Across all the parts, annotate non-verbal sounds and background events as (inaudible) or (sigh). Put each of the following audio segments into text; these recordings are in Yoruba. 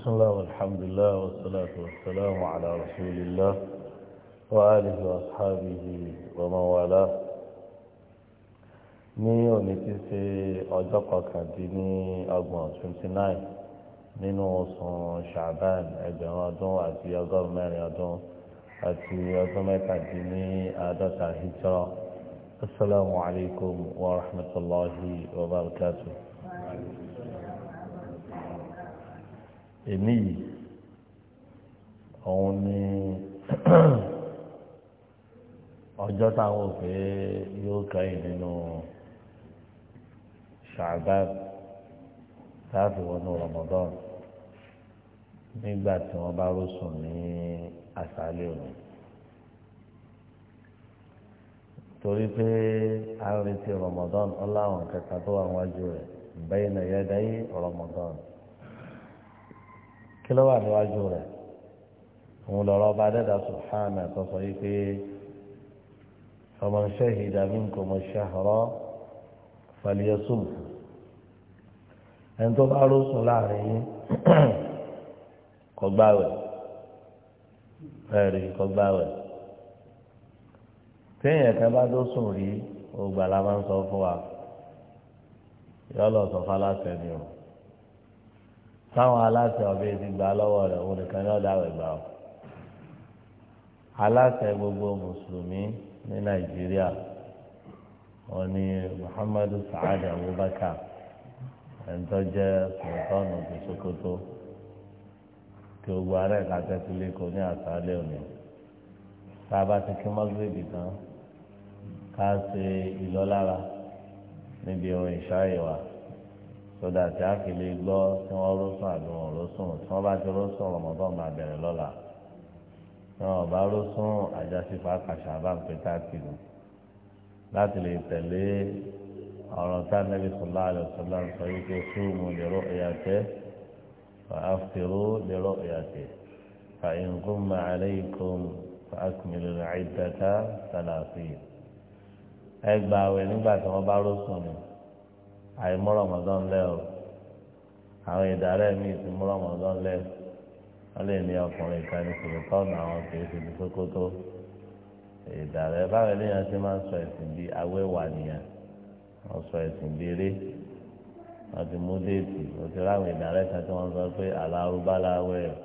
بسم الله والحمد لله والصلاة والسلام على رسول الله وآله وأصحابه ومن والاه ní òní ti ṣe ọjọ́ kọkàndínní ọgbọ̀n twenty nine nínú oṣù ṣàbán ẹgbẹ̀rún ọdún àti ọgọ́rùn mẹ́rin ọdún àti ọdún mẹ́tàdínní àádọ́ta hijra asalaamualeykum wa rahmatulahi wa barakatuh èmi yìí òun ni (clears throat) ọjọ́ táwọn òfé yóò kẹ́yìn nínú ṣàbáb láti wọnú Ramadan nígbà tí wọ́n bá rọ́sùn ní àṣálẹ́ òní. torí pé a ń retí Ramadan ọláwọn kẹta tó wà wájú rẹ̀ bẹ́ẹ̀ náà yẹ dáyé Ramadan kí ló wà níwájú rẹ̀ òun lọ́rọ̀ ọba dẹ́dà subhanahu tó sọ yìí pé faman shahida minkum ash-shahra falyasum ẹni tó bá rọ́ọ̀sùn láàrin yín (clears throat) kó gbààwẹ̀ ẹ̀rí kó gbààwẹ̀ téèyàn kan bá tó sùn rí ògbà la máa ń sọ fún wa yọ lọ sọ fún aláṣẹ ni o táwọn aláṣẹ ọbẹ̀ ti gbà lọ́wọ́ rẹ̀ òun nìkan ní ọ̀dà àwẹ̀ gbà ọ́ aláṣẹ gbogbo mùsùlùmí ní nàìjíríà wọn ni muhammadu sa'ad abubakar ẹ̀ńtọ́ jẹ́ sọ̀tọ́nù ti sokoto kí gbogbo ara ẹ̀ka tẹ́tílé kò ní àṣálẹ́ òní tá a bá ti kí mọ́gírèdì tán ká ṣe ìlọ́lára níbi ohun ìṣáyẹ̀wà sọdọ àti àkèlè gbọ́ tí wọ́n rọ́sùn àbí wọ́n rọ́sùn tí wọ́n bá ti rọ́sùn ọ̀rọ̀mọ́tọ́ máa bẹ̀rẹ̀ lọ́la tí wọ́n bá rọ́sùn àjàsífà kàṣà bá ń pè káàkiri láti lè tẹ̀lé ọ̀rọ̀ tá a nẹ́bí sọlá àlọ́ sọlá ń sọ yìí pé súnmù lérò ìyàtẹ́ fàáfìrú lérò ìyàtẹ́ fàáyínkùnmá àlẹ́yìnkùn fàákùnmílò àìdàtà sàlàfíì ẹgbàá nígbà tí wọ́n bá rọ́sùn ni àìmú rọmọdán lẹ o àwọn ìdárẹ́ míì ti mú rọmọdán lẹ wọ́n lè ní ọkùnrin kan ní sòlótọ́ọ̀nù àwọn kìí ṣe kókótó ìdárẹ́ báwo ni wọ́n ti máa ń sọ ẹ̀sìn bíi awẹ́wà nìyẹn wọ́n sọ ẹ̀sìn bíi eré wọ́n ti mú déètì wọ́n ti ráwọn ìdárẹ́ kan tí wọ́n sọ pé àlárúbálá awẹ́ ẹ̀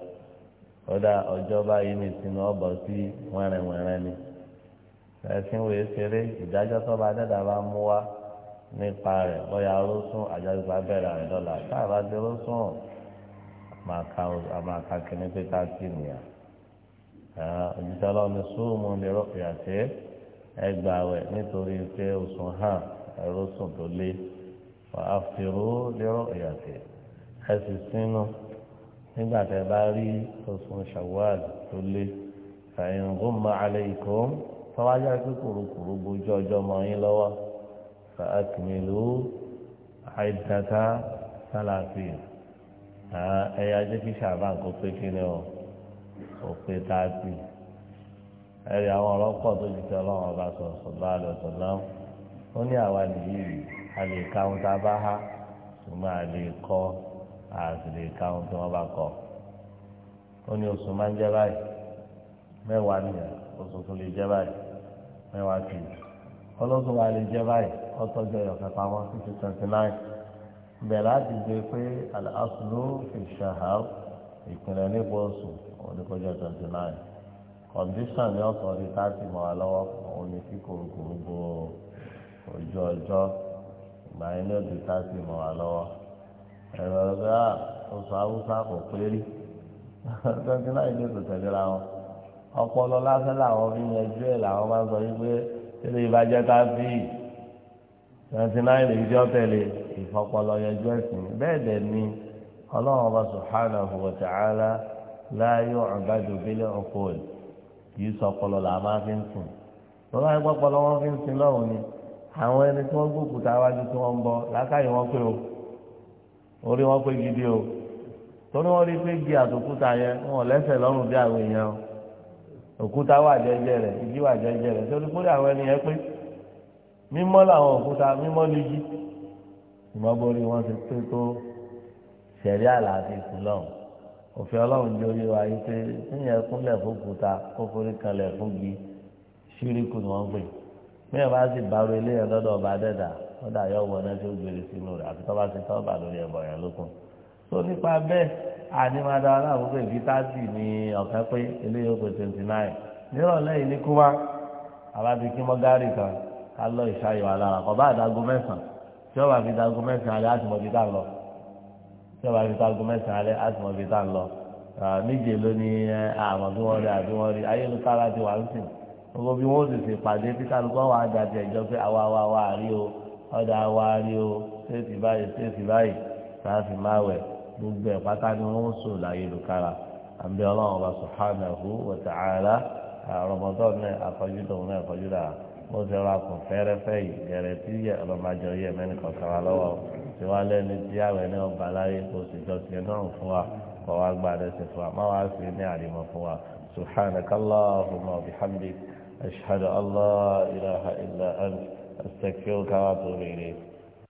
kódà ọjọ́ báyìí ní ìsinmi ọ̀bọ̀ sí wẹ́rẹ́wẹ́rẹ́ ni ẹ̀sìn wòye ṣeré ìdájọ́ tó bá dẹ́dà bá mú wá nípa rẹ̀ bóyá rọ́sùn àjálùbá bẹ̀rẹ̀ rẹ̀ dọ́là táàbà ti rọ́sùn àmàkà kìíní pé ká sí nìyà òjijì ọlọ́run sóòmù ní rọ́pìyà tí ẹgbàáwẹ̀ nítorí pé oṣùn hàn ẹrọ́sùn tó lé àfìró lérò ìyàtẹ̀ ẹ sì sínú nígbà tẹ bá rí oṣùn Shawwal tó lé fàyẹ̀ngùn máa alẹ́ ìkọ́ tọ́wájá pé kùrukùru ọjọ́ mọ́ yín lọ́wọ́. فأكملوا عدة ثلاثين ẹ̀yà jẹ́ kí ṣàbán kó pé kí ni ọ kó pé táàtì ẹ̀rí àwọn ọlọ́pọ̀ tó ti tẹ ọlọ́run ọba sọ̀sọ̀ bá a lọ sọ̀lá ó ní àwa nìyí a lè ka ohun tá a bá há ṣùgbọ́n a lè kọ́ a sì lè ka ohun tí wọ́n bá kọ́ ó ní oṣù máa ń jẹ́ báyìí mẹ́wàá nìyẹn oṣù tún lè jẹ́ báyìí mẹ́wàá kìí ọlọ́dún wa lè jẹ báyìí ọtọ́jọ́ ìyọ̀kẹ́ pamọ́ títí twenty nine bẹ̀rẹ̀ láti gbé pé aláṣùlù fi ṣàhàr ìpínlẹ̀ nípa oṣù oníkọjọ́ twenty nine condition ní ọ̀tọ̀ ní thirty mọ́ wa lọ́wọ́ òun ni kí kòròkòrò bo ojú ọjọ́ ìgbà yẹn ní òdì thirty mọ́ wa lọ́wọ́ ẹ̀rọ ẹgbẹ́ à oṣù haúsá kò pé twenty nine ní oṣù tẹ̀léra wọn ọpọlọ lásán làwọn fi yanjú ẹ̀ làwọn máa ń sọ yí pé tẹ́lẹ̀ ìbàjẹ́ tá a fi twenty nine èyí tí ó tẹ̀lé ìfọpọlọ yẹjú ẹ̀sìn bẹ́ẹ̀ dẹ̀ ni ọlọ́run ọba subhanahu wa ta'ala la yu'badu bil uqul kìí sọ ọpọlọ là máa fi ń sìn lọ́wọ́ ẹgbẹ́ ọpọlọ wọn fi ń sìn lọ́hùn ni àwọn ẹni tí wọ́n gbókùn tá tí wọ́n ń bọ lákàyè wọn pé o orí wọn pé gidi o torí wọn rí pé gí àtòkúta yẹn wọn lẹ́sẹ̀ lọ́rùn bí àwọn èèyàn o òkúta wà jẹ́jẹ́ rẹ̀ igi wà jẹ́jẹ́ rẹ̀ torí pé àwọn ènìyàn pé mímọ́ làwọn òkúta mímọ́ lójú ìmọ̀ borí wọn ti pé tó sẹ̀rí àlàáfíà ìsìlọ́hùn òfin ọlọ́run jẹ́ orí wa yìí pé níyẹn kúnlẹ̀ fún òkúta kó forí kanlẹ̀ fún gi ṣíríkù ni wọ́n gbé míyẹn bá sì bá ro eléyẹn lọ́dọ̀ ọba dẹ́dà wọ́n dà yọ wọ náà tó gbèrè sínú rẹ̀ àti tọ́ ti tọ́ lórí ẹ̀bọ̀ yẹn lókun tó nípa bẹ́ẹ̀ ànímọ́dá aláàbúgbò ìfitásì ní ọ̀fẹ́ pé eléyìí ó pè twenty nine nírọ̀lẹ́ yìí ní kúmá àbábí kí mọ́gárì kan ká lọ ìṣayọ̀ alára kọ́ bá àdágún mẹ́sàn-án tí wọ́n bá fi dágún mẹ́sàn-án alẹ́ àti mọ̀bí tá ń lọ tí wọ́n bá fi dágún mẹ́sàn-án alẹ́ àti mọ̀bí tá ń lọ méje ló ní àmọ́ bí wọ́n rí àbí wọ́n rí ayélujára ti wà ń sìn gbogbo bí wọ́n sì ṣe pàdé tí kálukọ́ wà á dàtí ẹ̀jọ́ pé àwa wa wa rí o ọ̀dà wa rí o ṣéètì báyìí ṣéètì báyìí láti máa wẹ̀ gbogbo ẹ̀ pátá ni wọ́n ń sò láyélukára àbí ọlọ́run ọba subhanahu wa ta'ala àrọ̀mọ́tọ́ náà àfọ́jú tòun náà àfọ́jú dáa ó ti rà kùn fẹ́rẹ́fẹ́ yìí gẹ̀rẹ́ tí yẹ ọlọ́màjọ yẹ mẹ́rin kọ̀ọ̀kan wa lọ́wọ́ tí wọ́n lẹ́ni tí àwẹ̀ náà bá láyé kó sì jọ tiẹ̀ náà fún wa kọ́ wa gba àdẹ́sẹ̀ fún wa má wàá fi ní àdìmọ̀ fún wa subhanakallahumma